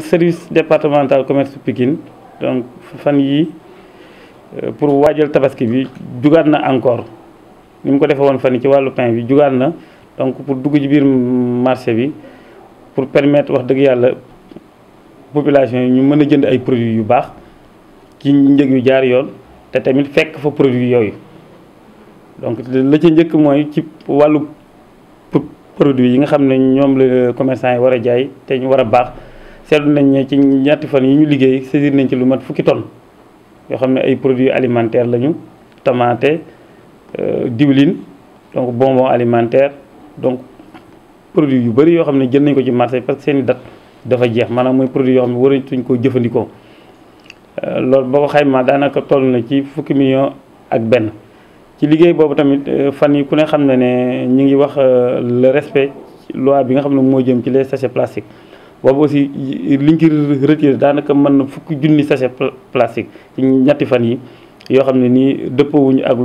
service départemental commerce Pikine donc fan yi euh, pour waajal tabaski bi jugaat na encore ni ko defee woon fan yi ci wàllu pain bi jugaat na donc pour dugg ci biir marché bi pour permettre wax dëgg yàlla population yi ñu mën a jënd ay produits yu baax ki njëg yu jaar yoon te tamit fekk fa produit yooyu donc la ca njëkk mooy ci wàllu produit yi nga xam ne ñoom la commerçant yi war a jaay te ñu war baax seetlu nañ ne ci ñaati fan yi ñu liggéey saisir nañ ci lu mat fukki ton yoo xam ne ay produits alimentaires lañu tamaate euh, diwlin donc bonbon alimentaire donc produits yu bëri yoo xam ne jën nañ ko ci marché parce que seen i date dafa jeex maanaam mooy produit yoo xam ne waratuñ koo jëfandikoo euh, loolu boo ko xaymaa daanaka toll na ci fukki million ak benn ci liggéey boobu tamit euh, fan yi ku ne xam ne ne ñu ngi wax le respect loi bi nga xam ne moo jëm ci les sachets plastiques bobu aussi liñ ci retiré danaka man na fukki sachet plastique ci ñatti fan yi yo xamni ni nii dëppowuñu ak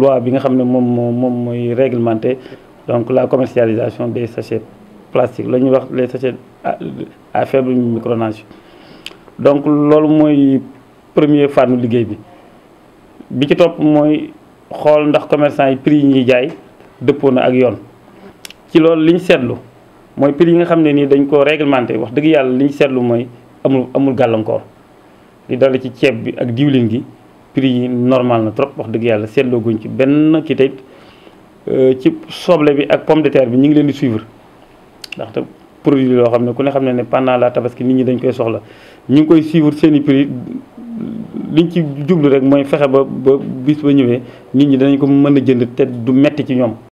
loi bi nga xamni mom mom moy réglementer donc la commercialisation des sachets plastiques la wax les sachets à faible micronage donc lool moy premier fan liguey bi bi ci top moy xol ndax commerçant yi prix ñi jaay dëppoo na ak yoon ci lool liñ seetlu mooy prix yi nga xam ne nii dañ ko réglementé wax dëgg yàlla li ñu seetlu mooy amul amul gàllankoor li dale ci ceeb bi ak diwlin gi prix yi normal na trop wax dëgg yàlla seetloo guñ ci benn kii tey euh, ci soble bi ak pomme de terre bi ñu ngi leen di suivre ndaxte produit loo xam ne ku ne xam ne ne pendant la tabaski nit ñi dañ koy soxla ñu ngi koy suivre seen i prix liñ ci jublu rek mooy fexe ba ba bis ba ñëwee nit ñi dañ ko mën a jënd te du metti ci ñoom.